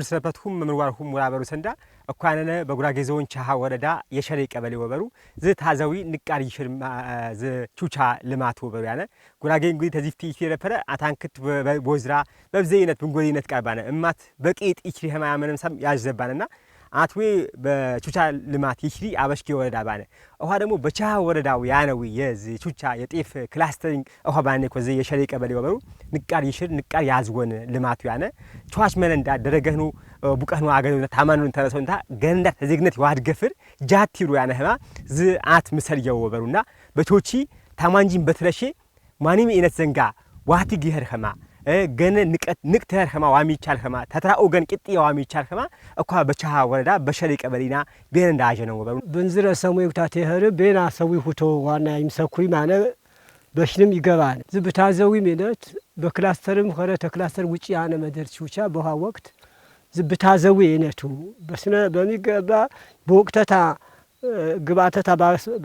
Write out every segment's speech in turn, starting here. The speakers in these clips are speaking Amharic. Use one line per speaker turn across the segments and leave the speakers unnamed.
ገብር ስለበትኩም ምምርዋርኩም ወራበሩ ሰንዳ እኳነነ በጉራጌ ዞን ቻሃ ወረዳ የሸሬ ቀበሌ ወበሩ ዝ ታዘዊ ንቃር ይሽር ዝ ቹቻ ልማት ወበሩ ያነ ጉራጌ እንግዲህ ተዚፍቲ ይሽር የረፈረ አታንክት ቦዝራ በብዘይነት ብንጎሪነት ቀርባነ እማት በቂጥ ይሽር የማያመንም ሳም ያዘባነና አትዌ በቹቻ ልማት ይሽሪ አበሽኪ ወረዳ ባነ እኋ ደግሞ በቻ ወረዳው ያነዊ የዚ ቹቻ የጤፍ ክላስተሪንግ እኋ ባነ ኮዚ የሸሌ ቀበሌ ወበሩ ንቃር ይሽር ንቃር ያዝወን ልማቱ ያነ ቹዋች መነንዳ ደረገኑ ቡቀኑ አገኑ ታማኑ ተረሰንታ ገንዳ ተዜግነት ይዋድ ገፍር ጃቲሩ ያነ ህማ ዝ አት ምሰል ወበሩና በቾቺ ታማንጂን በትረሼ ማኒም ኢነት ዘንጋ ዋቲ ጊህር ህማ ገነ ንቀት ያርከማ ዋሚ ይቻል ከማ ተትራኦ ገን ቅጥ ቅጥያ ይቻል ከማ እኳ በቻሃ ወረዳ በሸሪ ቀበሊና ቤን እንዳጀ ነው ወበሩ
ብንዝረ ሰሙይ ኩታቴ ተህር ቤና ሰዊ ሁቶ ዋና ይምሰኩይ ማነ በሽንም ይገባል ዝብታ ዘዊ ሜነት በክላስተርም ኸረ ተክላስተር ውጪ ያነ መደር ሲውቻ በኋ ወቅት ዝብታ ዘዊ የነቱ በስነ በሚገባ በወቅተታ ግባተታ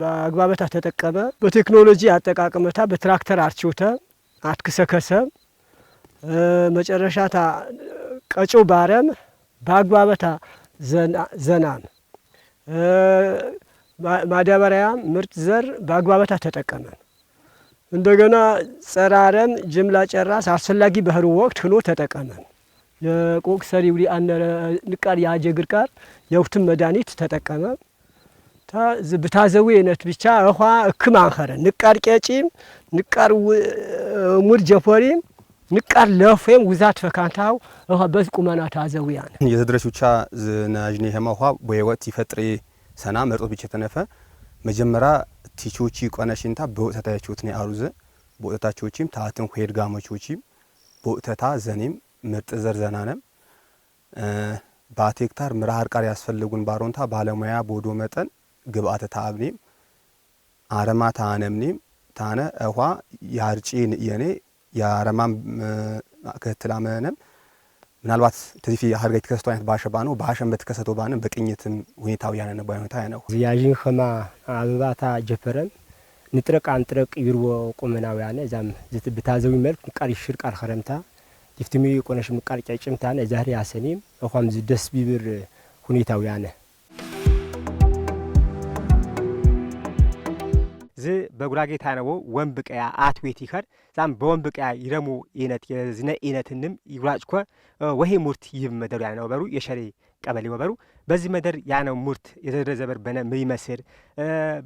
በአግባበታ ተጠቀመ በቴክኖሎጂ አጠቃቀመታ በትራክተር አርችውተ አትክሰከሰብ መጨረሻታ ቀጩ ባረም በአግባበታ ዘናም ማዳበሪያ ምርጥ ዘር በአግባበታ ተጠቀመን። እንደገና ጸረ አረም ጅምላ ጨራስ አስፈላጊ በህሩ ወቅት ህኖ ተጠቀመን። የቆቅ ሰሪ ውሪ አነረ ንቃር የአጀግር ቃር የውትም መድኃኒት ተጠቀመ ብታዘዊ አይነት ብቻ እኳ እክም አንኸረ ንቃር ቄጪም ንቃር ሙድ ጀፖሪም ንቃር ለፎም ውዛት ፈካንታው በዚህ በዚ ቁመና ታዘውያን
የዘድረሽ ብቻ ዝናዥኔ ሄማውሃ በህይወት ይፈጥሪ ሰና መርጦት ብቻ ተነፈ መጀመሪያ ቲቾቺ ቆነሽንታ በወተታቾት ነው አሩዘ በወተታቾቺም ታትን ሄድ ጋሞቾቺም በወተታ ዘኔም ምርጥ ዘር ዘናነም በአቴክታር ምራሃር ቃር ያስፈልጉን ባሮንታ ባለሙያ ቦዶ መጠን ግብአተ ታብኔም አረማ ታነምኔም ታነ እኋ ያርጪ የኔ የአረማም ክትል አመነም ምናልባት ተዚፊ ሀርገ የተከሰተው አይነት ባሸ ባኑ ባሸን በተከሰተው ባንም በቅኝትም ሁኔታው ያነነ ባይ ሁኔታ ያነው
ዝያዥን ኸማ አበባታ ጀፈረም ንጥረቅ አንጥረቅ ይርቦ ቆመናው ያነ እዛም ብታዘዊ መልክ ንቃር ይሽር ቃል ኸረምታ ዲፍትሚ ቆነሽ ምቃር ጨጭምታ ነ ዛሬ ያሰኒም እኳም ዝደስ ቢብር ሁኔታው ያነ
በጉራጌ ታነቦ ወንብ ቀያ አትዌት ይኸር ዛም በወንብ ቀያ ይረሙ ኢነት የዝነ ኢነትንም ይጉራጭኮ ወሄ ሙርት ይብ መደሩ ያነው በሩ የሸሬ ቀበሌ ወበሩ በዚህ መደር ያነው ሙርት ዘበር በነ ምይመስር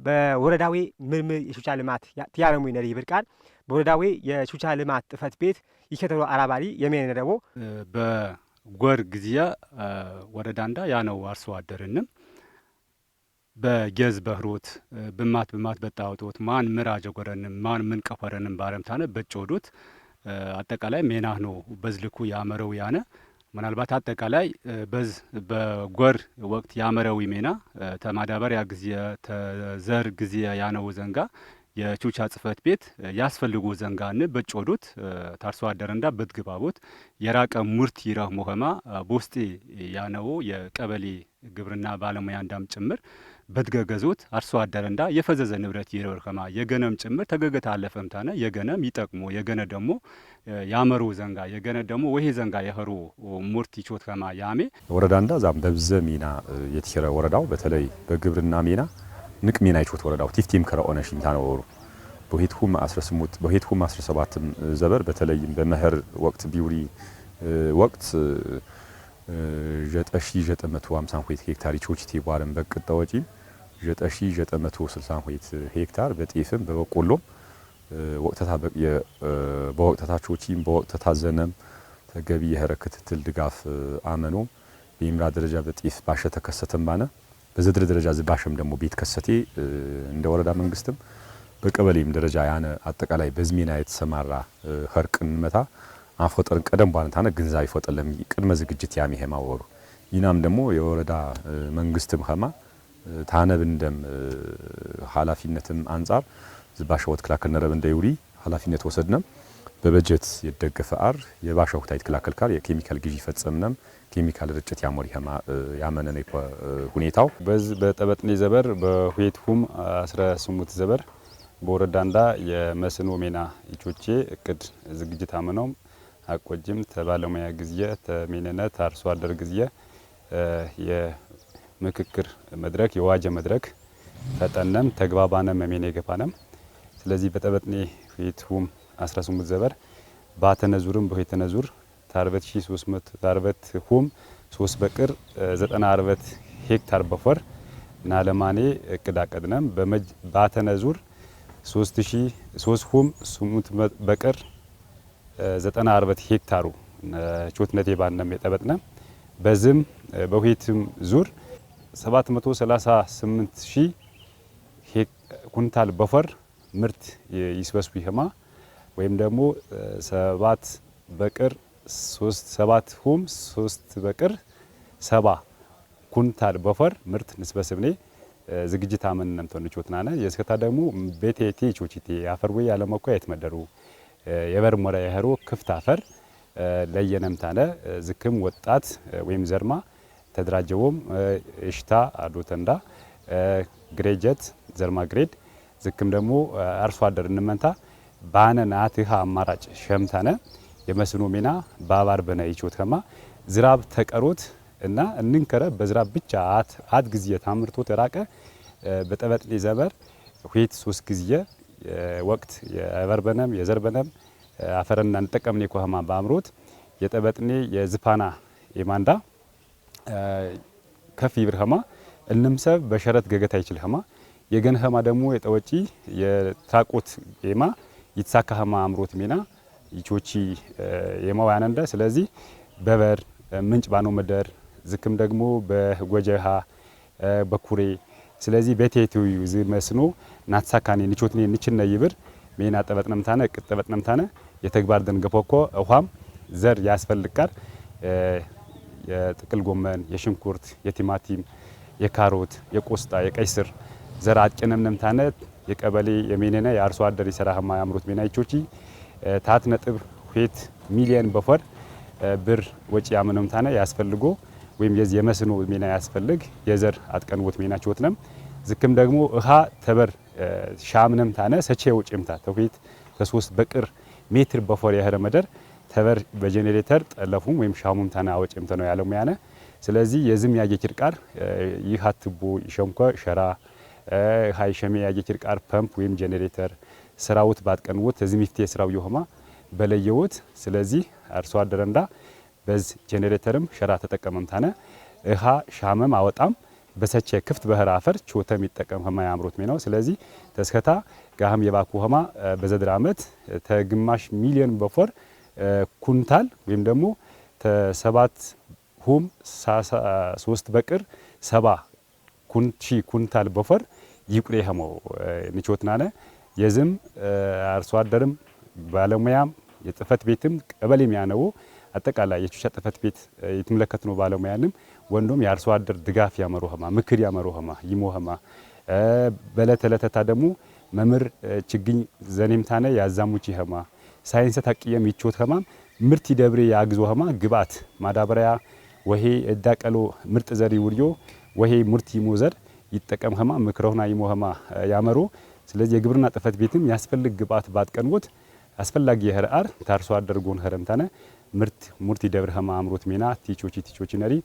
በወረዳዊ ምርም የሹቻ ልማት ትያረሙ ይነር ይብር ቃል በወረዳዊ የሹቻ ልማት ጥፈት ቤት ይከተሎ አራባሪ የሚነረቦ
በጎር ግዚያ ወረዳንዳ ያነው አርሶ አደርንም በጌዝ በህሮት ብማት ብማት በጣውጦት ማን ምራ ጀጎረንም ማን ምን ቀፈረንም ባረምታነ በጮዶት አጠቃላይ ሜናህ ነው በዝልኩ ያመረው ያነ ምናልባት አጠቃላይ በዝ በጎር ወቅት ያመረዊ ሜና ተማዳበሪያ ጊዜ ተዘር ጊዜ ያነው ዘንጋ የቹቻ ጽህፈት ቤት ያስፈልጉ ዘንጋን በጮዶት ታርሶ አደረንዳ በትግባቦት የራቀ ሙርት ይረህ ሞኸማ ቦስቴ ያነው የቀበሌ ግብርና ባለሙያ እንዳም ጭምር በትገገዙት አርሶ አደር እንዳ የፈዘዘ ንብረት የርከማ የገነም ጭምር ተገገተ አለፈምታነ የገነም ይጠቅሞ የገነ ደግሞ ያመሩ ዘንጋ የገነ ደግሞ ወሄ ዘንጋ የኸሮ ሙርት ይቾት ከማ ያሜ
ወረዳ እንዳ ዛም በብዘ ሚና የትሽረ ወረዳው በተለይ በግብርና ሚና ንቅ ሚና ይቾት ወረዳው ቲፍቲም ከረ ኦነሽ ይምታ ነው ወሩ በሄትኩም 18 በሄትኩም 17 ዘበር በተለይም በመኸር ወቅት ቢውሪ ወቅት ዠጠሺ ዠጠመቱ ሃምሳን ሄክታር ይቾች ቲዋርን በቅጠ ወጪ 9,962 ሄክታር በጤፍም በበቆሎም በወቅተታቾቺም በወቅተታ ዘነም ተገቢ የህረ ክትትል ድጋፍ አመኖም በኢምራ ደረጃ በጤፍ ባሸ ተከሰተም ባነ በዘድር ደረጃ ዝባሸም ደግሞ ቤት ከሰቴ እንደ ወረዳ መንግስትም በቀበሌም ደረጃ ያነ አጠቃላይ በዝሜና የተሰማራ ኸርቅን መታ አንፎጠርን ቀደም ባንታነ ግንዛቤ ይፎጠለም ቅድመ ዝግጅት ያም ይሄማ ይናም ደግሞ የወረዳ መንግስትም ኸማ ታነብ እንደም ኃላፊነትም አንጻር ዝባሻወት ክላከል ነረብ እንደ ይውሪ ኃላፊነት ወሰድነም በበጀት የደገፈ አር የባሻው ታይት ክላከል ካር የኬሚካል ግዢ ፈጸምነም ኬሚካል ርጭት ያሞሪ ያመነ ነው ሁኔታው
በዚ በጠበጥኔ ዘበር በሁየትሁም አስረ ስሙት ዘበር በወረዳንዳ የመስኖ ሜና ይቾቼ እቅድ ዝግጅት አመነው አቆጅም ተባለሙያ ግዚየ ተሜነነ ታርሶ አደር ግዚየ ምክክር መድረክ የዋጀ መድረክ ተጠነም ተግባባነም መሜን የገፋነም ስለዚህ በጠበጥኔ ሁም 18 ዘበር ባተነ ዙርም ባተነዙርም ዙር ታርበት 300 ታርበት ሁም 3 በቅር 90 አርበት ሄክታር በፈር ለማኔ እቅድ አቀድነም ባተነዙር 3000 3 ሁም 8 በቅር 90 አርበት ሄክታሩ ቾትነቴ ባነም የጠበጥነ በዝም በሁትም ዙር 738 ሺህ ኩንታል በፈር ምርት ይስበስቡ ይሄማ ወይም ደግሞ ሰባት በቅር 3 ሰባት ሁም 3 በቅር 70 ኩንታል በፈር ምርት ንስበስብኔ ዝግጅት አመን ነምተን ቾትናነ የስከታ ደግሞ ቤቴቲ ቾቺቲ አፈር ወይ ያለመቆ የተመደሩ የበር ሞራ ክፍት አፈር ለየነምታነ ዝክም ወጣት ወይም ዘርማ ተደራጀቦም እሽታ አዶተንዳ ግሬጀት ዘርማ ግሬድ ዝክም ደግሞ አርሶ አደር እንመንታ ባነን አትሃ አማራጭ ሸምታነ የመስኖ ሜና ባባር በነ ይቾት ከማ ዝራብ ተቀሮት እና እንንከረ በዝራብ ብቻ አት አት ግዚየ ታምርቶ ተራቀ በጠበጥኔ ዘበር ሁይት ሶስት ግዚየ ወቅት የበርበነም የዘርበነም አፈረና እንጠቀምኔ ኮሃማ ባምሮት የጠበጥኔ የዝፋና የማንዳ ከፍ ይብር ኸማ እንምሰብ በሸረት ገገት አይችል ኸማ የገን ኸማ ደግሞ የጠወጪ የታቆት ጌማ ይትሳካ ኸማ አምሮት ሜና ይቾቺ የማው ያነንደ ስለዚህ በበር ምንጭ ባኖ መደር ዝክም ደግሞ በጎጀሃ በኩሬ ስለዚህ በቴቴዩ ዝ መስኖ ናትሳካኔ ንቾትኔ ንችነ ይብር ሜና ጠበጥነምታነ ቅጠበጥነምታነ የተግባር ደንገፖኮ ውሃም ዘር ያስፈልጋር የጥቅል ጎመን፣ የሽንኩርት፣ የቲማቲም፣ የካሮት፣ የቆስጣ፣ የቀይስር ስር ዘር አጥቅንም ነምታነት የቀበሌ የሜኔነ የአርሶ አደር የሰራህማ ያምሩት ያምሮት ሜናይቾቺ ታት ነጥብ ሁት ሚሊየን በፈር ብር ወጪ ያመነምታነ ያስፈልጎ ወይም የዚህ የመስኖ ሜና ያስፈልግ የዘር አጥቀንቦት ነም ዝክም ደግሞ እሃ ተበር ሻምነምታነ ሰቼ ውጭምታ ተውሂት ተሶስት በቅር ሜትር በፈር ያህረ መደር ተበር በጄኔሬተር ጠለፉም ወይም ሻሙም ተና ወጭም ተነው ያለው ሙያነ ስለዚህ የዝም ያየ ችርቃር ይህ አትቦ ይሸምኮ ሸራ ሀይ ሸሜ ያየ ችርቃር ፐምፕ ወይም ጄኔሬተር ስራውት ባትቀንዎት ተዚህ ሚፍቴ ስራው የሆማ በለየውት ስለዚህ አርሶ አደረንዳ በዝ ጄኔሬተርም ሸራ ተጠቀመም ታነ እሃ ሻመም አወጣም በሰቼ ክፍት በህር አፈር ቾተ የሚጠቀም ህማ ያምሮት ሜ ነው ስለዚህ ተስከታ ጋህም የባኩ ህማ በዘድር አመት ተግማሽ ሚሊዮን በፎር ኩንታል ወይም ደግሞ ሰባት ሁም ሶስት በቅር ሰባ ኩንቺ ኩንታል በፈር ይቁሬ ሀሞ ንቾት የዝም አርሶ አደርም ባለሙያም የጽህፈት ቤትም ቀበሌ የሚያነው አጠቃላይ የቹቻ ጽህፈት ቤት የትመለከት ነው ባለሙያንም ወንዶም የአርሶ አደር ድጋፍ ያመሩ ሀማ ምክር ያመሩ ሀማ ይሞ ሀማ በለተለተታ ደግሞ መምር ችግኝ ዘኔምታነ ያዛሙቺ ሀማ ሳይንሰ ታቅየም ይቾተማ ምርት ይደብሬ ያግዞ ሀማ ግብአት ማዳበሪያ ወሄ እዳቀሎ ምርጥ ዘሪ ውርዮ ወሄ ሙርት ይሞዘር ይጠቀም ሀማ ምክሮና ይሞ ሀማ ያመሮ ስለዚህ የግብርና ጥፈት ቤትም ያስፈልግ ግብአት ባትቀንጎት አስፈላጊ የህርአር ታርሶ አደርጎን ሀረምታነ ምርት ሙርት ይደብር ሀማ አምሮት ሜና ቲቾቺ ቲቾቺ ነሪ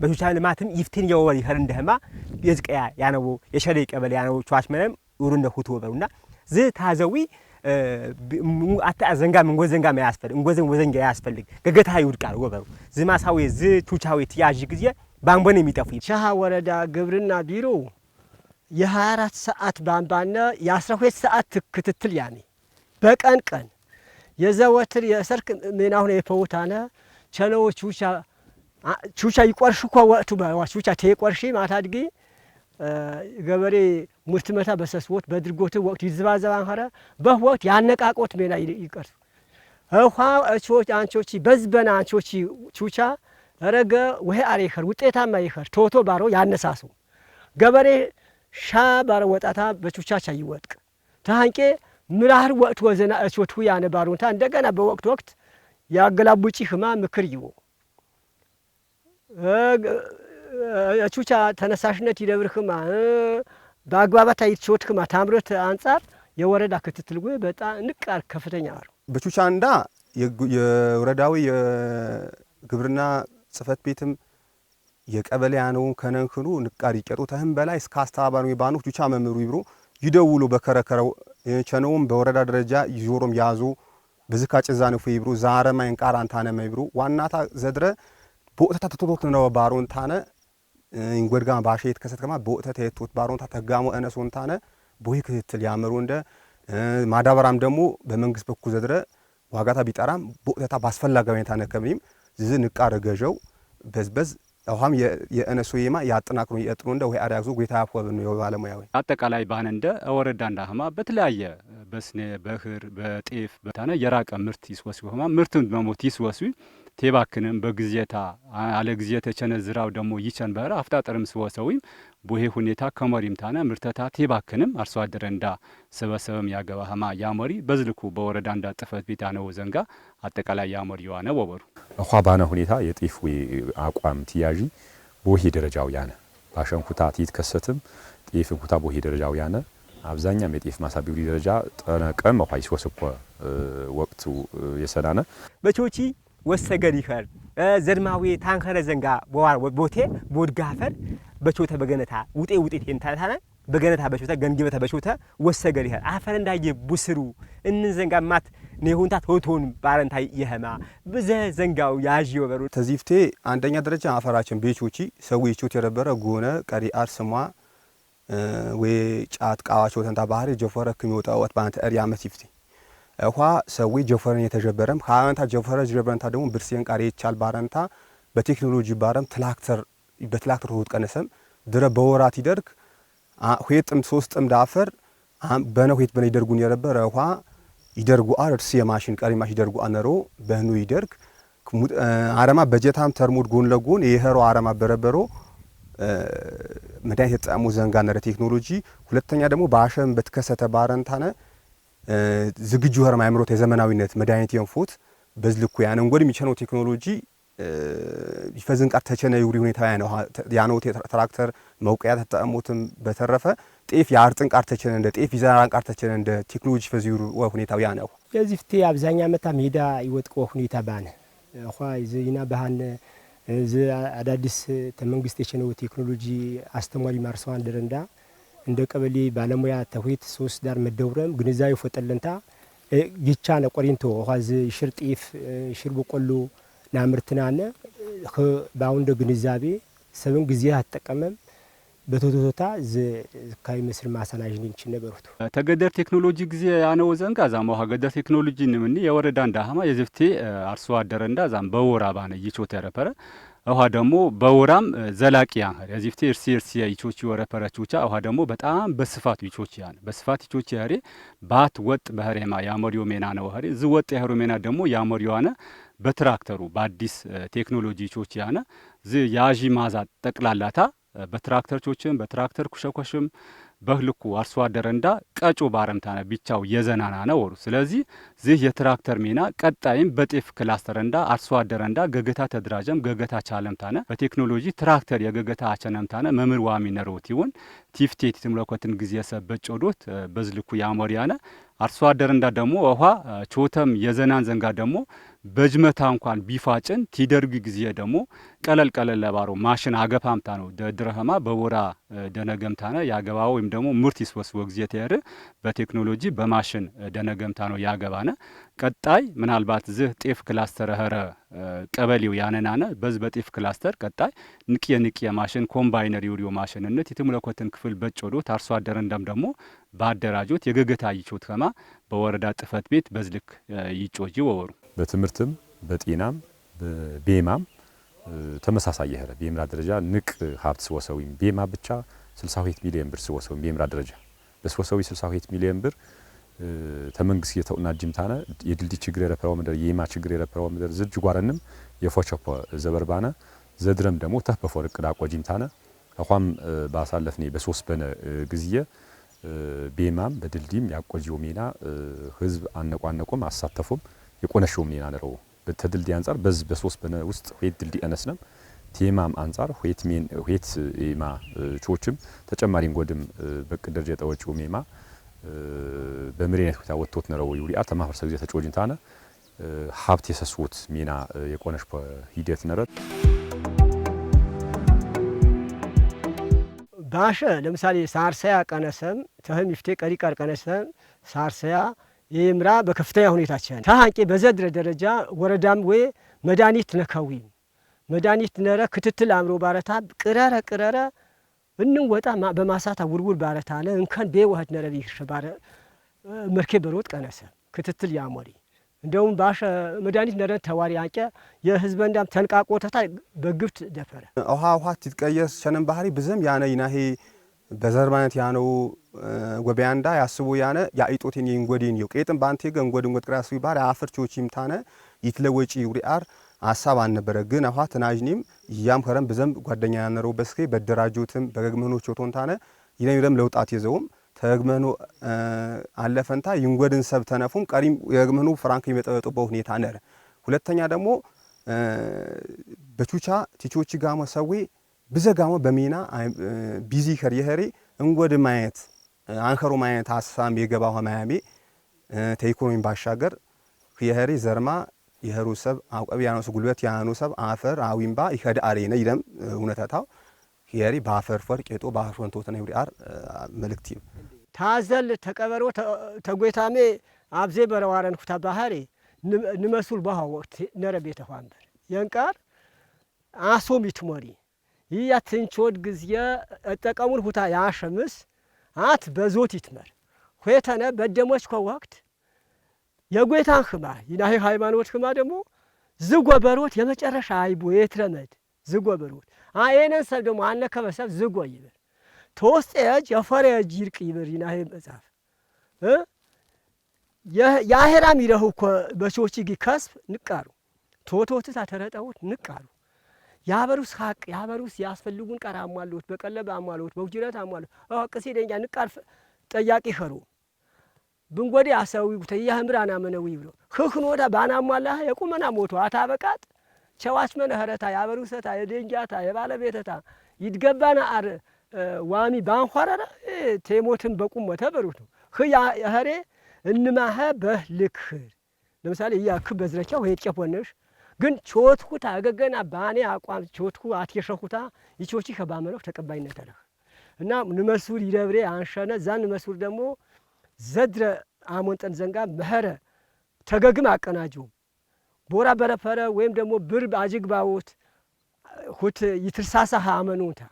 በሶሻል ልማትም ይፍትን የወወሪ ሀር እንደህማ የዝቀያ ያነቦ የሸሬ ቀበሌ ያነቦ ቸዋች መነም ኡሩነ ሁቱ ወበሩና ዝታዘዊ አታ ዘንጋ ምን ዘንጋ ማ እንጎ ዘንጎ ዘንጋ ያስፈልግ ገገታ ይውድቃል ወበሩ ዝ ማሳዊ ዝ ቹቻዌ ትያዥ ጊዜ ባንቦን የሚጠፉ
ሻሃ ወረዳ ግብርና ቢሮ የ24 ሰዓት ባንባነ የ12 ሰዓት ክትትል ያኔ በቀን ቀን የዘወትር የሰርክ ምን አሁን የፈውታነ ቸለዎች ቹቻ ቹቻ ይቆርሽ እኮ ወቅቱ ቹቻ ተቆርሺ ማታ ድጊ ገበሬ ሙስትመታ በሰስቦት በድርጎት ወቅት ይዝባዘባ ኸረ በህ ወቅት ያነቃቆት ሜላ ይቀር እኳ እቾች አንቾቺ በዝበና አንቾቺ ቹቻ ረገ ወሄ አሬ ይኸር ውጤታማ ይኸር ቶቶ ባሮ ያነሳሱ ገበሬ ሻ ባረ ወጣታ በቹቻቻ ይወጥቅ ታንቄ ምራህር ወቅት ወዘና እቾት ያነ ባሮንታ እንደገና በወቅት ወቅት ያገላቡጪ ህማ ምክር ይዎ ቹቻ ተነሳሽነት ይደብርክማ በአግባባት አይችወትክማ ታምረት አንጻር የወረዳ ክትትል ጉ በጣም ንቃር ከፍተኛ አሉ።
በቹቻ እንዳ የወረዳዊ የግብርና ጽሕፈት ቤትም የቀበሌ ያነው ከነንክኑ ንቃር ይቀጡ ተህም በላይ እስከ አስተባባሪ ባኖ ቹቻ መምሩ ይብሮ ይደውሉ በከረከረው ቸነውም በወረዳ ደረጃ ይዞሮም ያዙ በዝካ ጭዛ ነው ይብሩ ዛረማይን ቃራንታነ መይብሩ ዋናታ ዘድረ ቦታ ተተቶት ነው ባሩን ታነ ይንጎድጋም ባሸየት ከሰትከማ በወተት የቶት ባሮንታ ተጋሞ እነሶንታነ ቦይ ክትትል ያመሩ እንደ ማዳበራም ደግሞ በመንግስት በኩል ዘድረ ዋጋታ ቢጠራም በወተታ ባስፈላጊ ሁኔታ ነከብኒም ዝዝ ንቃር ገዠው በዝበዝ ውሃም የእነሱ የማ ያጠናክሩ የጥሩ እንደ ወይ አዳግዞ ጌታ ያፈብ ነው ባለሙያ ወይ
አጠቃላይ ባነ እንደ ወረዳ እንዳህማ በተለያየ በስኔ በህር በጤፍ በታነ የራቀ ምርት ይስወስ ይሆማ ምርትም መሞት ይስወስ ቴባክንም በግዜታ አለ ግዜተ ቸነዝራው ደግሞ በረ አፍጣጠርም ስወሰዊም ቡሄ ሁኔታ ከመሪምታነ ምርተታ ቴባክንም አርሶ አደረ እንዳ ሰበሰበም ያገባ ህማ ያመሪ በዝልኩ በወረዳ እንዳ ጥፈት ቤት አነወ ዘንጋ አጠቃላይ ያመሪ የዋነ ወበሩ
እኳ ባነ ሁኔታ የጤፍ አቋም ትያዢ ቦሄ ደረጃው ያነ ባሸንኩታ ትይትከሰትም ጤፍን እንኩታ ቦሄ ደረጃው ያነ አብዛኛም የጤፍ ማሳ ቢውሊ ደረጃ ጠነቀም እኳ ይስወስኮ ወቅቱ የሰናነ
በቾቺ ወሰገድ ይኸር ዘድማዊ ታንከረ ዘንጋ ቦቴ ቦድጋፈር በቾተ በገነታ ውጤ ውጤት የንታታነ በገነታ በቾተ ገንግበተ በቾተ ወሰገድ ይኸር አፈር እንዳየ ቡስሩ እንን ዘንጋ ማት ኔሁንታት ሆቶን ባረንታ የህማ ብዘ ዘንጋው ያዥ ወበሩ
ተዚፍቴ አንደኛ ደረጃ አፈራችን ቤቾቺ ሰው ይቾት የረበረ ጎነ ቀሪ አር ስሟ ወይ ጫት ቃዋቾ ተንታ ባህሪ ጆፈረ ክሚወጣ ወት ባንተ እር ያመት እኳ ሰዊ ጆፈረን የተጀበረም ከአመንታ ጆፈረ ጀበረንታ ደግሞ ብርስየን ቃሪ ይቻል ባረንታ በቴክኖሎጂ ባረም ትላክተር በትላክተር ሁት ቀነሰም ድረ በወራት ይደርግ ሁየጥም ሶስት ጥም ዳፈር በነ ሁየት በነ ይደርጉን የረበረ እኳ ይደርጉ አር እርስ የማሽን ቀሪ ማሽ ይደርጉ አነሮ በህኑ ይደርግ አረማ በጀታም ተርሙድ ጎን ለጎን የሄሮ አረማ በረበሮ መድኃኒት ዘንጋ ነረ ቴክኖሎጂ ሁለተኛ ደግሞ በአሸም በትከሰተ ባረንታነ ዝግጁ ኸርም አእምሮት የዘመናዊነት መድኃኒት የንፉት በዝልኩ ያነንጎድ የሚቸነው ቴክኖሎጂ ይፈዝን ቃር ተቸነ ይውሪ ሁኔታ ያነውት ትራክተር መውቀያ ተጠቀሙትም በተረፈ ጤፍ የአርጥን ቃር ተቸነ እንደ ጤፍ ይዘራን ቃር ተቸነ እንደ ቴክኖሎጂ ይፈዝ ይውሪ ሁኔታው ያነው
የዚህ ፍቴ አብዛኛ መታ ሜዳ ይወጥቆ ሁኔታ ባነ ኳ ይና ባህነ አዳዲስ ተመንግስት የቸነው ቴክኖሎጂ አስተማሪ ማርሰዋን ደረንዳ እንደ ቀበሌ ባለሙያ ተውሂት ሶስት ዳር መደውረም ግንዛቤ ግቻ ነ ቆሪንቶ ኋዝ ሽር ጢፍ ሽር በቆሎ ናምርትናነ በአሁንደ ግንዛቤ ሰብን ጊዜ አትጠቀመም በቶቶቶታ ዝካይ ምስል ማሳናጅን እንች ነበሩት
ተገደር ቴክኖሎጂ ጊዜ ያነው ዘንጋ ዛም ውሃ ገደር ቴክኖሎጂ ንምኒ የወረዳ እንዳሃማ የዝፍቴ አርሶ አደረ እንዳ ዛም በወራባነ ይቾ ተረፈረ ውሃ ደግሞ በወራም ዘላቂያ ያዚፍቴ እርሲ እርሲ ይቾች ወረፈረች ውቻ ውሃ ደግሞ በጣም በስፋት ይቾች ያን በስፋት ይቾች ያሬ ባት ወጥ በህሬማ ያመሪዮ ሜና ነው ሀሬ ዝ ወጥ ያህሩ ሜና ደግሞ ያመሪዮ አነ በትራክተሩ በአዲስ ቴክኖሎጂ ይቾች ያነ ዝ ያዢ ማዛ ጠቅላላታ በትራክተር ቾችም በትራክተር ኩሸኮሽም በህልኩ አርሶ አደር እንዳ ቀጮ ባረምታነ ብቻው የዘናና ነው ወሩ ስለዚህ ዚህ የትራክተር ሜና ቀጣይም በጤፍ ክላስተር እንዳ አርሶ አደር እንዳ ገገታ ተደራጀም ገገታ ቻለምታነ በቴክኖሎጂ ትራክተር የገገታ አቸነምታነ መምህር ዋሚ ነሮት ይሁን ቲፍቴት ትምለኮትን ጊዜ ሰበት ጮዶት በዝልኩ ያሞሪያነ አርሶ አደር እንዳ ደግሞ ውሃ ቾተም የዘናን ዘንጋ ደግሞ በጅመታ እንኳን ቢፋጭን ቲደርግ ጊዜ ደግሞ ቀለል ቀለል ለባሮ ማሽን አገፋምታ ነው ደድረህማ በወራ ደነገምታ ነ ያገባ ወይም ደግሞ ምርት ይስወስወ ጊዜ ተያደ በቴክኖሎጂ በማሽን ደነገምታ ነው ያገባ ነ ቀጣይ ምናልባት ዝህ ጤፍ ክላስተር ኸረ ቀበሌው ያነናነ በዝ በጤፍ ክላስተር ቀጣይ ንቅየ ንቅየ ማሽን ኮምባይነር ዩሪዮ ማሽንነት የትምለኮትን ክፍል በጮዶ አርሶ አደር እንደም ደግሞ በአደራጆት የገገታ ይቾት ከማ በወረዳ ጥፈት ቤት በዝልክ ይጮጂ ወወሩ
በትምህርትም በጤናም በቤማም ተመሳሳይ የኸረ በኤምራ ደረጃ ንቅ ሀብት ስወሰዊ ቤማ ብቻ 62 ሚሊዮን ብር ስወሰዊ በኤምራ ደረጃ በስወሰዊ 62 ሚሊዮን ብር ተመንግስ የተውና ጅምታነ የድልድይ ችግር የረፈራው መደር የማ ችግር የረፈራው መደር ዝጅ ጓረንም የፎቸፖ ዘበርባነ ዘድረም ደግሞ ተህ በፎርቅ ዳቆ ጅምታነ አቋም ባሳለፍኔ በሶስት በነ ግዚየ ቤማም በድልድይም ያቆጂው ሜና ህዝብ አነቋነቁም አሳተፉም የቆነሽውም ኔና ነረው ተድልዲ አንጻር በዝ በሶስት በነ ውስጥ ሆይት ድልዲ አነስነም ቴማም አንጻር ሆይት ሜን ሆይት ኢማ ቾችም ተጨማሪን ጎድም በቅ ደረጃ ጠወጪው ሜማ በምሬነት ኩታ ወጥቶት ነረው ይውሪያ ተማፈርሰ ጊዜ ተጮጅን ታነ ሀብት የሰስዎት ሜና የቆነሽ ሂደት ነረት
ባሸ ለምሳሌ ሳርሰያ ቀነሰም ተህም ይፍቴ ቀሪቃር ቀነሰም ሳርሰያ ይምራ በከፍተኛ ሁኔታ ሁኔታችን ታሃንቄ በዘድረ ደረጃ ወረዳም ወይ መድኃኒት ነከዊ መድኃኒት ነረ ክትትል አምሮ ባረታ ቅረረ ቅረረ እንም ወጣ በማሳታ ውርውር ባረታ አለ እንከን ቤወህት ነረ ቢሽ ባረ መርኬ በሮት ቀነሰ ክትትል ያሞሪ እንደውም ባሸ መድኃኒት ነረ ተዋሪ አንቄ የህዝብ እንዳም ተንቃቆ ተታ በግብት ደፈረ
ውሃ ውሃ ትትቀየስ ሸነን ባህሪ ብዘም ያነ ይናሄ በዘርባነት ያነው ጎቢያንዳ ያስቡ ያነ ያኢጦቴን የንጎዴን ይው ቄጥም ባንቴ ገ እንጎድ እንጎድ ቅራሱ ይባል አፍርቾች ይምታነ ይትለወጪ ውሪአር ሀሳብ አልነበረ ግን አኋ ተናጅኒም ያም ከረም በዘንብ ጓደኛ ያነረው በስኬ በደራጆትም በገግመኖች ወቶንታነ ይነኝ ደም ለውጣት የዘውም ተግመኖ አለፈንታ ይንጎድን ሰብ ተነፉም ቀሪም የግመኑ ፍራንክ ይመጠበጡበት ሁኔታ ነረ ሁለተኛ ደግሞ በቹቻ ቲቾች ጋመ ሰዌ ብዘጋሞ በሚና ቢዚ ከርየኸሬ እንጎድ ማየት አንከሩ ማየት ሀሳም የገባሁ ማያሜ ተኢኮኖሚ ባሻገር የኸሬ ዘርማ የኸሩ ሰብ አውቀብ ያኖስ ጉልበት ያኖ ሰብ አፈር አዊምባ ይኸድ አሬነ ይደም እውነተታው የኸሬ ባፈር ፈር ቄጦ ባፈር ወንቶ ተነ ይብሪ አር መልክቲ
ታዘል ተቀበሮ ተጎይታሜ አብዜ በረዋረን ኩታ ባህሪ ንመሱል ነረ ቤተ ተኋንበር የንቃር አሶም ይትሞሪ ይህ አትንቾድ ጊዜ እጠቀሙን ሁታ ያሸምስ አት በዞት ይትመር ዄተነ በደሞች ከወቅት የጌታን ህማ ይናሄ ሃይማኖት ህማ ደግሞ ዝጎበሮት የመጨረሻ አይቦ የትረመድ ዝጎበሮት አየነን ሰብ ደግሞ አነከበሰብ ዝጎ ይብር ተወስጥ የጅ የፈረ የጅ ይርቅ ይብር ይናሄ መጽሐፍ የአሄራም ይረሁ በቾቺ ጊ ከስብ ንቃሩ ቶቶትት አተረጠውት ንቃሩ ያበሩስ ሀቅ ያበሩስ ያስፈልጉን ቀር አሟሎት በቀለብ አሟሎት በውጅረት አሟሎት ቅሴ ደንጃ ንቃርፍ ጠያቂ ኸሩ ብንጐዴ አሰዊ ጉተ ህምራና መነዊ ብሎ ህክኖታ ባናሟላህ የቁመና ሞቶ አታ በቃት ቸዋችመነ ኸረታ ያበሩሰታ የደንጃታ የባለቤተታ ይድገባና አር ዋሚ ባንኳረረ ቴሞትን በቁም ወተበሩት ነው ህያ ኸሬ እንማኸ በህልክህር ለምሳሌ እያ ክብ በዝረቻ ወይ ጨፎነሽ ግን ቾትኩታ እገገና ባኔ አቋም ቾትኩ አትየሸኩታ ይቾቺ ከባመለው ተቀባይነት አለህ እና ንመሱር ይደብሬ አንሸነ ዛን ንመሱር ደግሞ ዘድረ አሞንጠን ዘንጋ መኸረ ተገግም አቀናጁ ቦራ በረፈረ ወይም ደግሞ ብር አጅግባውት ሁት ይትርሳሳህ አመኑታ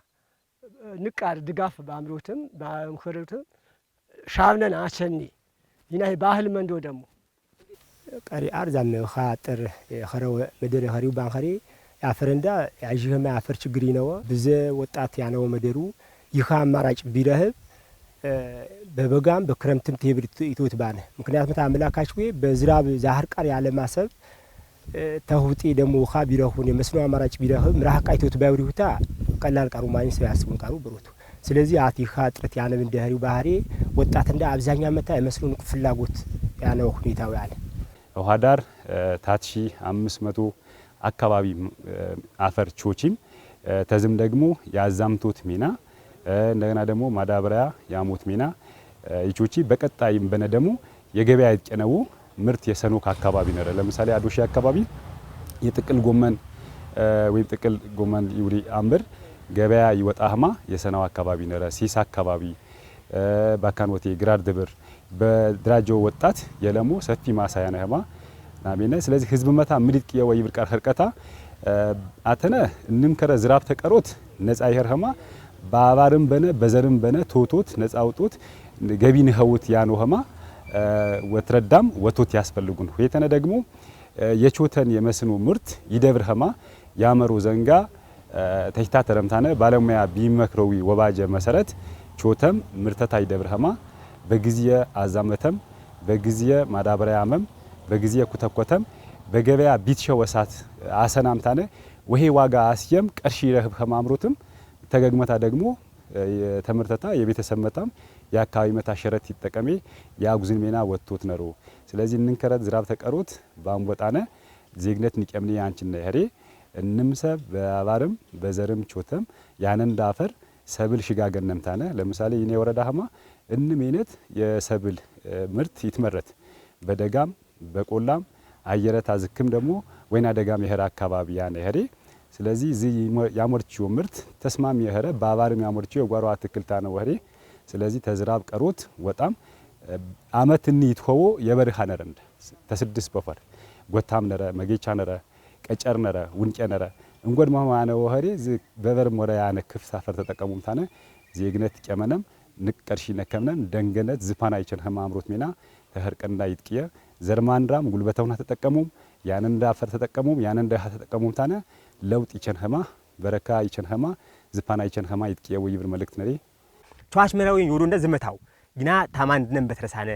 ንቃር ድጋፍ በአምሮትም በምክርትም ሻብነን አቸኒ ይና ባህል መንዶ ደግሞ ቀሪአር ዛመኻ ጥር የኸረወ መደር የኸሪው ባንኸሪ ያፈረንዳ ያዥኸማ ያፈር ችግር ይነወ ብዘ ወጣት ያነወ መደሩ ይኻ አማራጭ ቢረህብ በበጋም በክረምትም ትሄብር ኢትወት ባነ ምክንያቱም ታመላካች ወይ በዝራብ ዛህር ቃር ያለ ማሰብ ተውጤ ደግሞ ውኻ ቢረሁን የመስኖ አማራጭ ቢረህብ ምራህቃ ኢትወት ባይውሪሁታ ቀላል ቃሩ ማኝ ሰብ ያስቡን ቃሩ ብሮቱ ስለዚህ አት ይኻ ጥረት ያነብ እንደህሪው ባህሪ ወጣት እንዳ አብዛኛ መታ የመስኖ ንቁ ፍላጎት ያነወ ሁኔታው ያለ
ውሃ ዳር ታች 500 አካባቢ አፈር ቾቺም ተዝም ደግሞ የአዛምቶት ሚና እንደገና ደግሞ ማዳበሪያ የአሞት ሚና ይቾቺ በቀጣይም በነ ደግሞ የገበያ የጨነው ምርት የሰኖክ አካባቢ ነረ ለምሳሌ አዶሺ አካባቢ የጥቅል ጎመን ወይም ጥቅል ጎመን ይውሪ አምብር ገበያ ይወጣህማ የሰናው አካባቢ ነረ ሲስ አካባቢ ባካን ወቴ ግራር ድብር በድራጆ ወጣት የለሙ ሰፊ ማሳያነ ህማ ናሜነ ስለዚህ ህዝብ መታ ምድት ቅየ ወይ ብርቃር ህርቀታ አተነ እንምከረ ዝራብ ተቀሮት ነጻ ይሄር ህማ በአባርም በነ በዘርም በነ ቶቶት ነጻ አውጦት ገቢ ንህውት ያኖ ህማ ወትረዳም ወቶት ያስፈልጉን የተነ ደግሞ የቾተን የመስኖ ምርት ይደብር ያመሩ ዘንጋ ተሽታ ተረምታነ ባለሙያ ቢመክረዊ ወባጀ መሰረት ቾተም ምርተታ ይደብር በጊዜ አዛመተም በጊዜ ማዳበሪያመም በጊዜ ኩተኮተም በገበያ ቢትሸ ወሳት አሰናምታነ ወሄ ዋጋ አስየም ቀርሺ ረህብ ከማምሮትም ተገግመታ ደግሞ የተመርተታ የቤተሰብ መጣም የአካባቢ መታ ሸረት ይጠቀሜ የአጉዝን ሜና ወጥቶት ነሩ። ስለዚህ እንንከረት ዝራብ ተቀሩት ባንቦጣነ ዜግነት ንቀምኔ አንችነ ህሬ እንምሰብ በአባርም በዘርም ቾተም ያነንዳ አፈር ሰብል ሽጋገነምታነ ለምሳሌ ይኔ ወረዳ ህማ እንም አይነት የሰብል ምርት ይትመረት በደጋም በቆላም አየረት አዝክም ደግሞ ወይና ደጋም የኸረ አካባቢ ያነ የኸሬ ስለዚህ ዚ ያመርችው ምርት ተስማሚ የኸረ ባባርም ያመርችው የጓሮ አትክልታ ነው ወኸሬ ስለዚህ ተዝራብ ቀሮት ወጣም አመት እኒ ይትኸቦ የበርሃ ነረንድ ተስድስ በፈር ጎታም ነረ መጌቻ ነረ ቀጨር ነረ ውንቄ ነረ እንጎድ ማማነ ወኸሬ በበርም ወረ ያነ ክፍሳፈር ተጠቀሙም ታነ ዜግነት ቀመነም ንቀርሺ ነከምነን ደንገነት ዝፋና ይችልህም ህማምሮት ሜና ተህርቅና ይጥቅየ ዘርማንድራም ጉልበተውና ተጠቀሙም ያን እንደ አፈር ተጠቀሙም ያን እንደ ሀ ተጠቀሙም ታነ ለውጥ ህማ በረካ ህማ ዝፋና ህማ ይጥቅየ ወይብር መልእክት ነሪ
ቸዋሽ መራዊ ይውሩ እንደ ዝምታው ግና ታማን ድነን በትረሳነ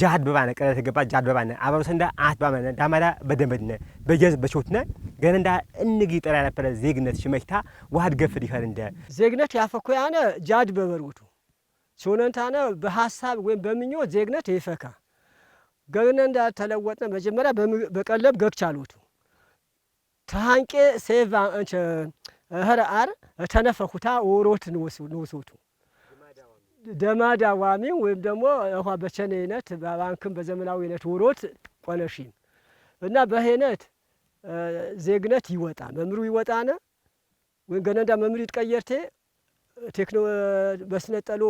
ጃድ በባነ ቀረ ተገባ ጃድ በባነ አባሩ ሰንዳ አት ባመነ ዳማዳ በደንበድነ በጀዝ በሾትነ በቾትነ እንዳ እንግ ይጠራ ያፈረ ዜግነት ሽመክታ ዋድ ገፍድ ይኸር እንደ
ዜግነት ያፈኩ ያነ ጃድ በበርውቱ ሲሆነንታነ በሀሳብ ወይም በምኞት ዜግነት ይፈካ ገብነ እንዳተለወጠ መጀመሪያ በቀለብ ገግቻ ገግቻሎቱ ተሃንቄ ሴቫ እንቸ እህረ አር ተነፈኩታ ወሮት ንውሶቱ ደማዳ ዋሚ ወይም ደግሞ ኋ በቸኔነት በባንክም በዘመናዊ ነት ወሮት ቆነሺም እና በሄነት ዜግነት ይወጣ መምሩ ይወጣነ ወይም ገነንዳ መምሩ ይትቀየርቴ ቴክኖ በስነጠሎ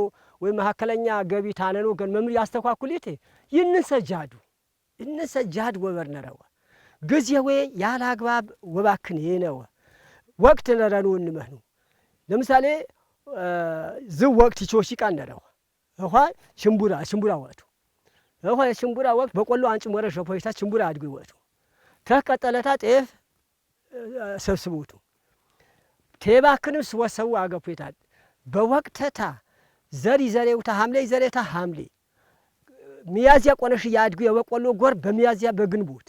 ወይም መካከለኛ ገቢ ታነኖ ገን መምር ያስተኳኩሌት ይህንን ሰጃዱ ይህንን ሰጃድ ወበር ነረወ ወይ ያለ አግባብ ወባክን ነወ ወቅት ነረኑ እንመህኑ ለምሳሌ ዝብ ወቅት ቾሺ ይቃን ነረወ እኳ ሽምቡራ ሽምቡራ ወቅቱ እኳ የሽምቡራ ወቅት በቆሎ አንጭ ወረ ሸፖይታ ሽምቡራ አድጉ ይወቱ ተቀጠለታ ጤፍ ሰብስቡቱ ቴባክንም ስወሰቡ አገፉታል በወቅተታ ዘሪ ዘሬውታ ሐምሌ ዘሬታ ሐምሌ ሚያዝያ ቆነሽ ያድጉ የበቆሎ ጎር በሚያዝያ በግንቦት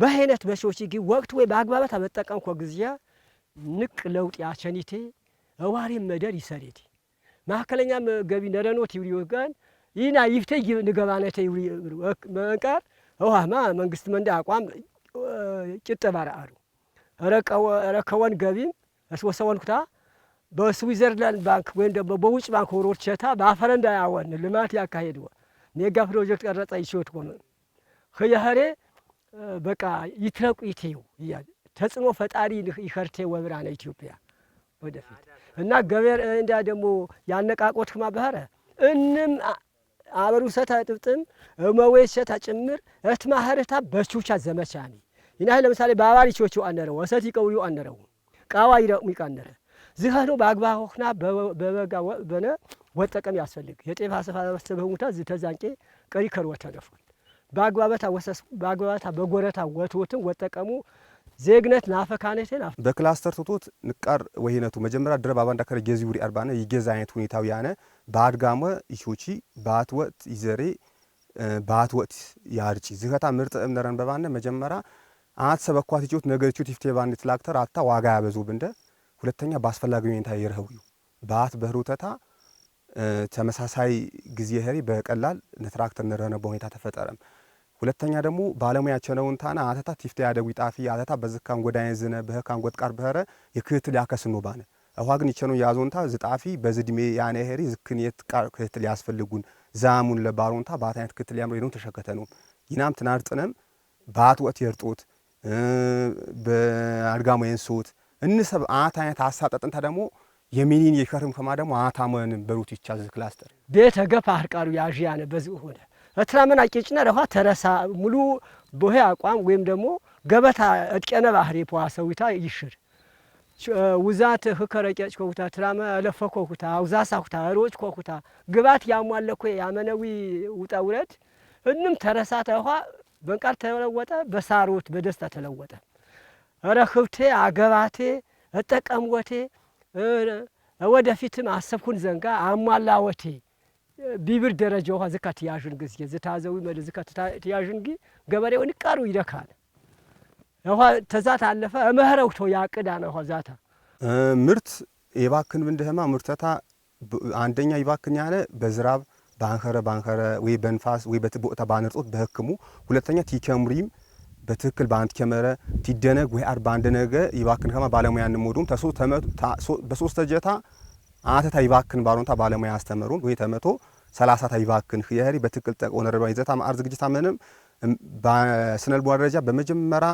በሄነት በሶች ጊ ወቅት ወይ በአግባባት አመጠቀምኮ ግዚያ ንቅ ለውጥ ያቸኒቴ እዋሬ መደር ይሰሬቴ ማእከለኛ ገቢ ነረኖት ይብሪ ይውሪወጋን ይና ይፍተ ንገባነተ ይብሪ መንቀር እዋማ መንግስት መንዳ አቋም ጭጠባር አሉ ረከወን ገቢም እስወሰወን ኩታ በስዊዘርላንድ ባንክ ወይም ደግሞ በውጭ ባንክ ወሮች ሸታ በአፈረንዳ ያወን ልማት ያካሄድ ሜጋ ፕሮጀክት ቀረጸ ይሽወት ሆነ ህያኸሬ በቃ ይትረቁ ይቴዩ እያ ተጽዕኖ ፈጣሪ ይኸርቴ ወብራነ ኢትዮጵያ ወደፊት እና ገበር እንዳ ደግሞ ያነቃቆት ክማ ባህረ እንም አበሩ ሰታ ጥብጥም እመዌ ሰታ ጭምር እትማህርታ በቹቻ ዘመቻኒ ይናህ ለምሳሌ በአባሪ ቾቹ አነረው ወሰት ይቀውዩ አነረው ቃዋ ይረቅሙ ይቃነረ ዝኸዶ በአግባሆኽና በበጋ በነ ወጠቀም ያስፈልግ የጤፍ አሰፋ በሙታ ዝተዛንቄ ቀሪ ከርወ ነፉል በአግባበታ ወሰስ በአግባበታ በጎረታ ወትውትን ወጠቀሙ ዜግነት ናፈካነቴ ናፍ
በክላስተር ቶቶት ንቃር ወይነቱ መጀመሪያ ድረብ አባንዳ ከረ ጌዚ ውሪ አርባነ ይገዛ አይነት ሁኔታው ያነ በአድጋመ ይሾቺ በአት ወጥ ይዘሬ በአት ወጥ ያርጪ ዝኸታ ምርጥ እምነረን በባነ መጀመሪያ አት ሰበኳት ይችሁት ነገር ይችሁት ይፍቴ ባንት ላክተር አታ ዋጋ ያበዙ ብንደ ሁለተኛ በአስፈላጊ ሁኔታ ይርህውዩ በአት በህሩተታ ተመሳሳይ ጊዜ ህሪ በቀላል ንትራክተር ንረነ በሁኔታ ተፈጠረም ሁለተኛ ደግሞ ባለሙያ ቸነውን ታና አተታ ቲፍተ ያደዊ ጣፊ አተታ በዝካን ጎዳይን ዝነ በህካን ጎጥቃር በረ የክህትል ያከስኑ ባነ አዋ ግን ይቸኑ ያዞንታ ዝጣፊ በዝድሜ ያነ ህሪ ዝክን የትቃር ክህትል ያስፈልጉን ዛሙን ለባሮንታ አይነት ክህትል ያምሮ ይኑን ተሸከተ ነው ይናም ትናርጥነም ባት ወት የርጦት በአድጋሞ የንሶት እንሰብ አት አይነት ሀሳብ ጠጥንታ ደግሞ የሚኒን የከርም ከማ ደግሞ አታመን በሩት ይቻዝ ክላስተር
ቤተ ገፋ አርቃሩ ያዥያነ በዚህ ሆነ እትራምን አቄጭና ረኋ ተረሳ ሙሉ ቦሄ አቋም ወይም ደግሞ ገበታ እጥቀነ ባህር የፖዋ ሰዊታ ይሽር ውዛት ህከረጨጭ ኮኩታ ትራመ ለፈ ኮኩታ አውዛሳ ኩታ ሮጭ ኮኩታ ግባት ያሟለኮ ያመነዊ ውጣ እንም ተረሳ ተኋ በንቃር ተለወጠ በሳሮት በደስታ ተለወጠ ረክብቴ አገባቴ እጠቀምወቴ ወደፊትም አሰብኩን ዘንጋ አሟላወቴ ቢብር ደረጃ ውሃ ዝካ ትያዥን ጊዜ ዝታዘዊ መድ ዝካ ትያዥን ጊ ገበሬውን ይቀሩ ይደካል ውሃ ተዛት አለፈ እመህረውቶ ነ ውሃ ዛታ
ምርት የባክን ብንድህማ ምርተታ አንደኛ ይባክን ያለ በዝራብ ባንኸረ ባንኸረ ወይ በንፋስ ወይ በትቦቅታ ባነርጦት በህክሙ ሁለተኛ ቲከምሪም በትክክል በአንድ ከመረ ቲደነግ ወይ አር በአንድ ነገ ይባክን ከማ ባለሙያ እንሞዱም በሶስተ ጀታ አተታ ይባክን ባሮንታ ባለሙያ አስተመሩን ወይ ተመቶ ሰላሳታ ይባክን የህሪ በትክክል ጠቅ ሆነረባ ይዘታ ማር ዝግጅታ ምንም በስነልቦ ደረጃ በመጀመሪያ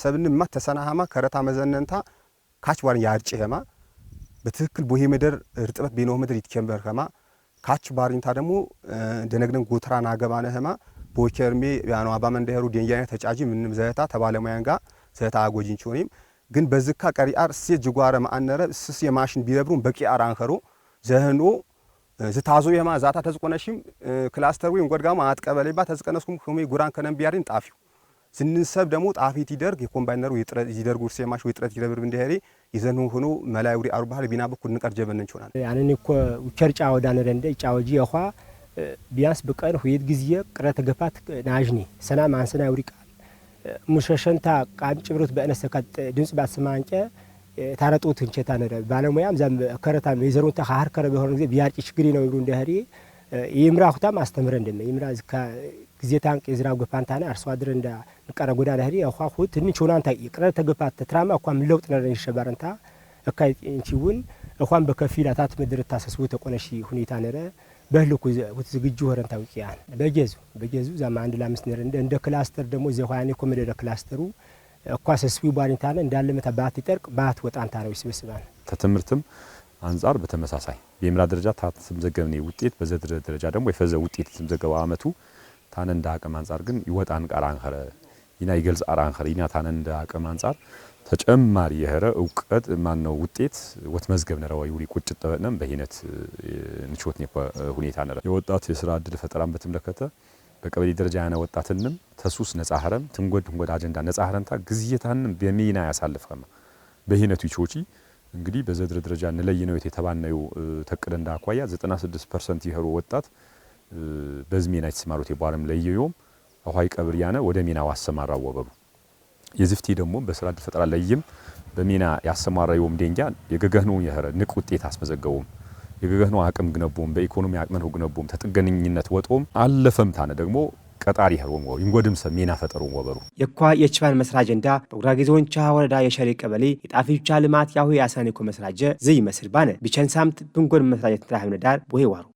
ሰብንማ ተሰናሃማ ከረታ መዘነንታ ካች ባርን ያርጭ ሄማ በትክክል ቦሄ ምድር እርጥበት ቤኖህ ምድር ይትከምበር ከማ ካች ባርኝታ ደግሞ ደነግነን ጎትራ ናገባነ ኸማ ቦቸርሜ ያኑ አባ አባመንዳሩ ደንጃነ ተጫጂ ምንም ዘህታ ተባለሙያን ጋር አጎጂን ቾኒም ግን በዝካ ቀሪአር ሲ ጅጓረ ማአነረ ስስ የማሽን ቢረብሩን በቂ አራንኸሮ ዘህኖ ዝታዞ የማ ዛታ ተዝቆነሽም ክላስተር ወይ ወድጋማ ባ ተዝቀነስኩም ሁሜ ጉራን ከነም ቢያሪን ጣፊው ስንንሰብ ደግሞ ጣፊት ይደርግ የኮምባይነሩ ይጥረት ይደርጉ ሴማሽ ይጥረት ይደብር እንደሄሪ ይዘኑ ሆኖ መላይውሪ አሩባህል ቢናበኩ ንቀር ጀበነን ቾናል
ያንን እኮ ቸርጫ ወዳነረ እንደ ጫወጂ የኋ ቢያንስ ብቀር ሁየት ጊዜ ቅረ ተገፋት ናዥኒ ሰና ማንሰና ውሪቃል ሙሸሸንታ ቃም ጭብሮት በእነሰካት ድምፅ ባሰማንጨ ታረጡት እንቸታ ነረ ባለሙያም ዛም ከረታ የዘሩንታ ካህር ከረ በሆነ ጊዜ ቢያርጭ ችግሪ ነው ይብሉ እንደህሪ ይምራሁታም አስተምረ እንደመ ይምራ ዝካ ጊዜ ታንቅ የዝራብ ገፋንታና አርሶ አደር እንዳ ንቀረ ጎዳ ለህሪ ኳ ሁ ትንሽ ሆናንታ ቅረ ተገፋት ተትራማ እኳ ምለውጥ ነረ ይሸባረንታ እካይ እንቺውን እኳን በከፊል አታት ምድር ታሰስቡ ተቆነሺ ሁኔታ ነረ በህልኩ ዝግጁ ሆረን ታውቂያን በጌዙ በጌዙ ዛማ አንድ ለአምስት ነር እንደ ክላስተር ደግሞ ዘኋኔ ኮሚደረ ክላስተሩ እኳ ሰስዊ ባኒታነ እንዳለመታ ባት ይጠርቅ ባት ወጣንታ ነው ይስበስባል
ከትምህርትም አንጻር በተመሳሳይ የምራ ደረጃ ታትምዘገብኔ ውጤት በዘድረ ደረጃ ደግሞ የፈዘ ውጤት ትምዘገበ አመቱ ታነ እንደ አቅም አንጻር ግን ይወጣን ቃር አንኸረ ይና ይገልጽ አር አንኸረ ይና ታነ እንደ አቅም አንጻር ተጨማሪ የኸረ እውቀት ነው ውጤት ወት መዝገብ ነረዋ ይውሪ ቁጭት ጠበቅነም በሂነት ነው ሁኔታ ነረ የወጣት የስራ እድል ፈጠራን በተመለከተ በቀበሌ ደረጃ ያነ ወጣትንም ተሱስ ነጻ ሀረም ትንጎድ ንጎድ አጀንዳ ነጻ ሀረምታ ግዝየታንም በሚና ያሳልፈማ በሂነቱ ይቾቺ እንግዲህ በዘድር ደረጃ ንለይ ነው የተባናዩ ተቅደ እንዳኳያ 96 ፐርሰንት ወጣት በዝሜና የተሰማሩት የቧርም ለየዮም አኋይ ቀብር ያነ ወደ ሚና ዋሰማራው ወበሩ የዝፍቲ ደግሞ በስራ እድል ፈጠራ ላይም በሚና ያሰማራዩም ደንጃ የገገህኑ የህረ ንቅ ውጤት አስመዘገቡም የገገህኑ አቅም ግነቦም በኢኮኖሚ አቅመን ግነቦም ተጥገንኝነት ወጦም አለፈም ታነ ደግሞ ቀጣሪ ይኸርዎም ወ ይንጎድም ሰብ ሜና ፈጠሩ ወበሩ
የኳ የችባን መስራ አጀንዳ በጉራጌ ዞን ቻ ወረዳ የሸሪ ቀበሌ የጣፊቻ ልማት ያሁ ያሳኒኮ መስራጀ ዝይ መስል ባነ ቢቸንሳምት ብንጎድ መስራጀ ተራህብነ ዳር ወይ ዋሩ